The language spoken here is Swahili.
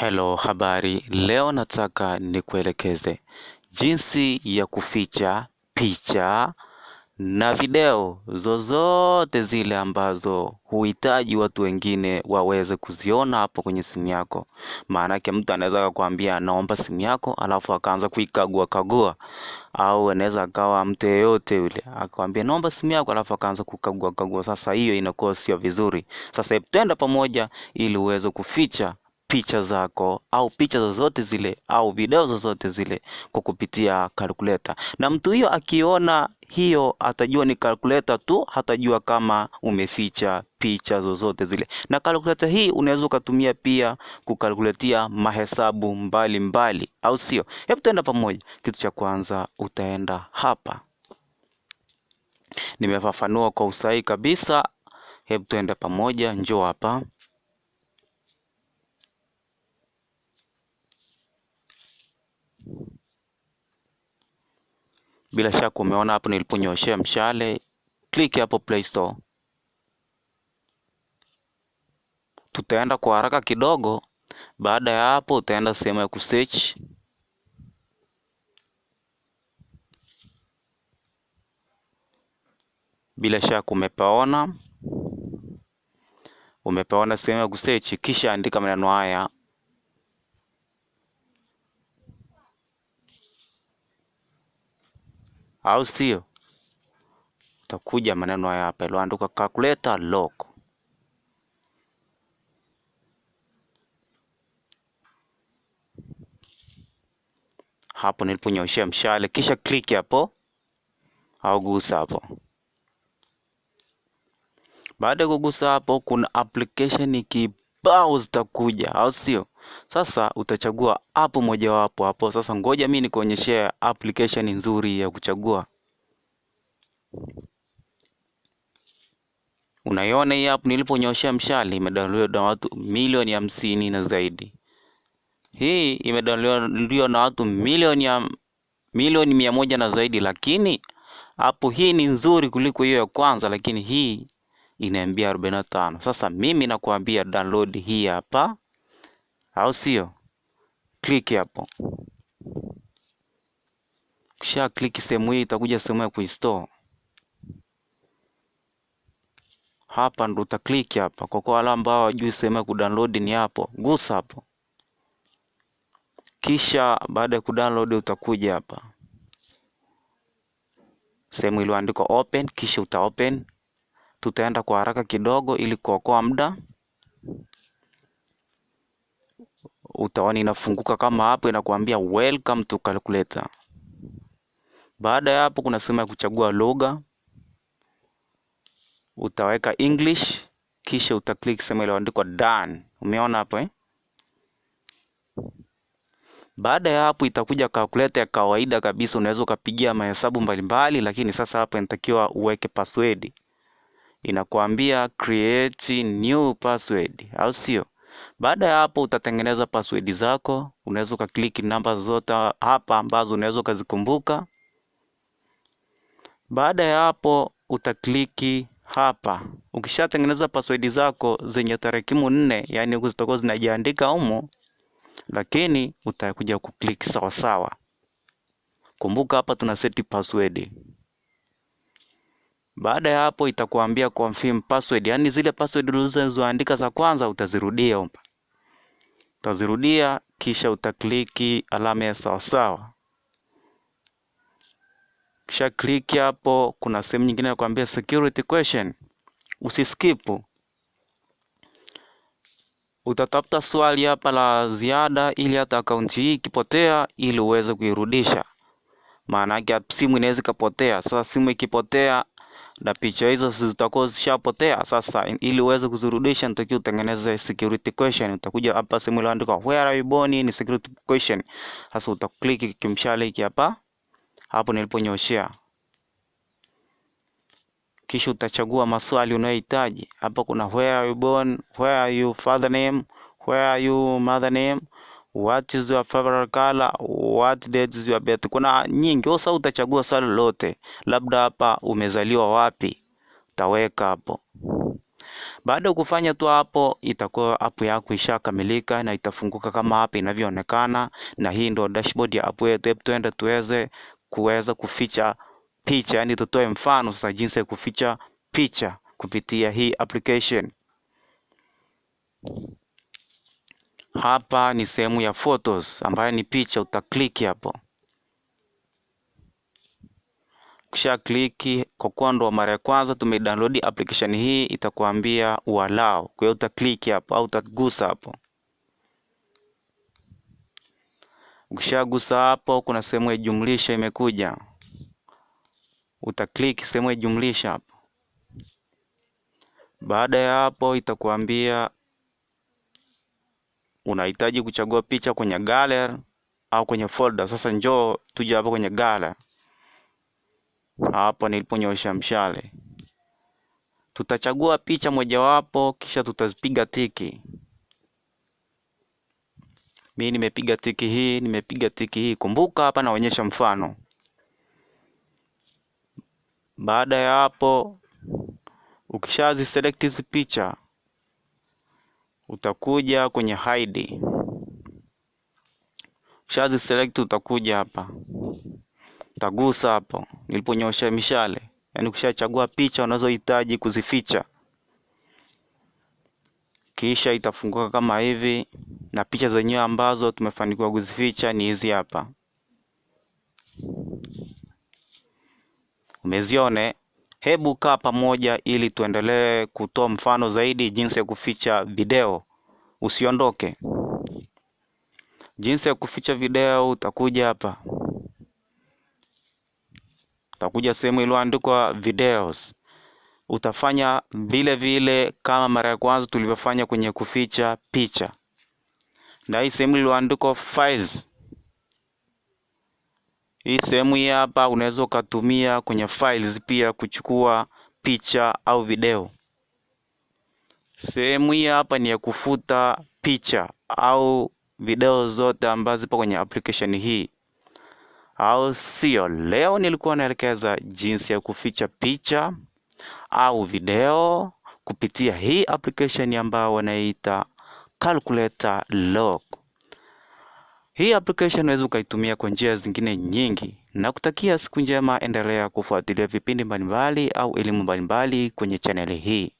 Hello, habari. Leo nataka nikuelekeze jinsi ya kuficha picha na video zozote zile ambazo huhitaji watu wengine waweze kuziona hapo kwenye simu yako. Maanake mtu anaweza akakwambia naomba simu yako, alafu akaanza kuikagua kagua, au anaweza akawa mtu yeyote yule akakwambia naomba simu yako, alafu akaanza kukagua kagua. Sasa hiyo inakuwa sio vizuri. Sasa twenda pamoja ili uweze kuficha picha zako au picha zozote zile au video zozote zile kwa kupitia calculator. Na mtu hiyo akiona hiyo atajua ni calculator tu, hatajua kama umeficha picha zozote zile. Na calculator hii unaweza ukatumia pia kukalkulatia mahesabu mbalimbali mbali, au sio? Hebu tuenda pamoja. Kitu cha kwanza utaenda hapa, nimefafanua kwa usahihi kabisa. Hebu tuende pamoja, njoo hapa. Bila shaka umeona hapo niliponyoshea mshale, click hapo Play Store. Tutaenda kwa haraka kidogo. Baada ya hapo, utaenda sehemu ya kusearch Bila shaka umepaona, umepaona sehemu ya kusechi kisha andika maneno haya au sio? Utakuja maneno haya hapa yaliyoandikwa calculator lock. Hapo niliponyoshea mshale, kisha click hapo au gusa hapo. Baada ya kugusa hapo, kuna application kibao zitakuja, au sio? Sasa utachagua app mojawapo hapo. Sasa ngoja mi nikuonyeshea application nzuri ya kuchagua. Unaiona hii app niliponyoshea mshale, imedownload na watu milioni hamsini na zaidi. Hii imedownloadiwa na watu milioni ya milioni mia moja na zaidi, lakini hapo hii ni nzuri kuliko hiyo ya kwanza, lakini hii inaambia 45. Sasa mimi nakuambia download hii hapa au sio? kliki hapo, kisha kliki sehemu hii, itakuja sehemu ya kuinstall hapa ndo utakliki hapa. Kwa kwa wale ambao wajui sehemu ya kudownload ni hapo, gusa hapo, kisha baada ya kudownload utakuja hapa sehemu iliyoandikwa open, kisha uta open. Tutaenda kwa haraka kidogo ili kuokoa muda. utaona inafunguka kama hapo inakuambia welcome to calculator. Baada ya hapo kuna sehemu ya kuchagua lugha, utaweka English kisha utaklik sehemu iliyoandikwa done. Umeona hapo eh? Baada ya hapo itakuja calculator ya kawaida kabisa, unaweza ukapigia mahesabu mbalimbali, lakini sasa hapa inatakiwa uweke password. Inakuambia create new password, au sio? Baada ya hapo utatengeneza password zako, unaweza ukaklik namba zote hapa ambazo unaweza ukazikumbuka. Baada ya hapo utakliki hapa. Ukishatengeneza password zako zenye tarakimu nne, yani zitakuwa zinajiandika humo, lakini utakuja kukliki sawasawa. Kumbuka hapa tuna seti password. Baada ya hapo itakuambia confirm password, yani zile password ulizoandika za kwanza utazirudia hapa utazirudia kisha utakliki alama ya sawasawa. Kisha kliki hapo, kuna sehemu nyingine kuambia security question, usiskipu. Utatafuta swali hapa la ziada, ili hata akaunti hii ikipotea, ili uweze kuirudisha. Maana yake simu inaweza ikapotea. Sasa simu ikipotea, na picha hizo zitakuwa zishapotea. Sasa ili uweze kuzirudisha, nitakiwa utengeneze security question. Utakuja hapa sehemu iliyoandikwa where are you born, ni security question. Sasa utaklik kimshale hiki hapa, hapo niliponyoshea, kisha utachagua maswali unayohitaji. Hapa kuna where are you born, where are you father name, where are you mother name what is your favorite color, what date is your birth. Kuna nyingi wasa, utachagua swali lolote, labda hapa umezaliwa wapi, utaweka hapo. Baada ya kufanya tu hapo, itakuwa app yako ishakamilika na itafunguka kama hapa inavyoonekana, na hii ndio dashboard ya app yetu. Hebu tuende tuweze kuweza kuficha picha, yani tutoe mfano sasa jinsi ya kuficha picha kupitia hii application. Hapa ni sehemu ya photos ambayo ni picha, utakliki hapo. Ukisha kliki, kwa kuwa ndo mara ya kwanza download application hii, itakuambia uallow. Kwa hiyo utakliki hapo au utagusa hapo. Ukishagusa hapo, kuna sehemu ya jumlisha imekuja, utakliki sehemu ya jumlisha hapo. Baada ya hapo, itakuambia unahitaji kuchagua picha kwenye gallery au kwenye folder. Sasa njoo tuje hapo kwenye gallery, hapo niliponyosha mshale, tutachagua picha mojawapo, kisha tutazipiga tiki. Mi nimepiga tiki hii, nimepiga tiki hii. Kumbuka hapa naonyesha mfano. Baada ya hapo, select hizi picha utakuja kwenye hide, shazi select, utakuja hapa, utagusa hapo niliponyosha mishale, yani kushachagua picha unazohitaji kuzificha, kisha itafunguka kama hivi, na picha zenyewe ambazo tumefanikiwa kuzificha ni hizi hapa, umezione eh? Hebu kaa pamoja ili tuendelee kutoa mfano zaidi jinsi ya kuficha video. Usiondoke. Jinsi ya kuficha video utakuja hapa. Utakuja sehemu iliyoandikwa videos. Utafanya vile vile kama mara ya kwanza tulivyofanya kwenye kuficha picha. Na hii sehemu iliyoandikwa files hii sehemu hii hapa unaweza ukatumia kwenye files pia kuchukua picha au video. Sehemu hii hapa ni ya kufuta picha au video zote ambazo zipo kwenye application hii, au sio? Leo nilikuwa naelekeza jinsi ya kuficha picha au video kupitia hii application ambayo wanaita Calculator Lock. Hii application unaweza ukaitumia kwa njia zingine nyingi, na kutakia siku njema. Endelea kufuatilia vipindi mbalimbali au elimu mbalimbali kwenye chaneli hii.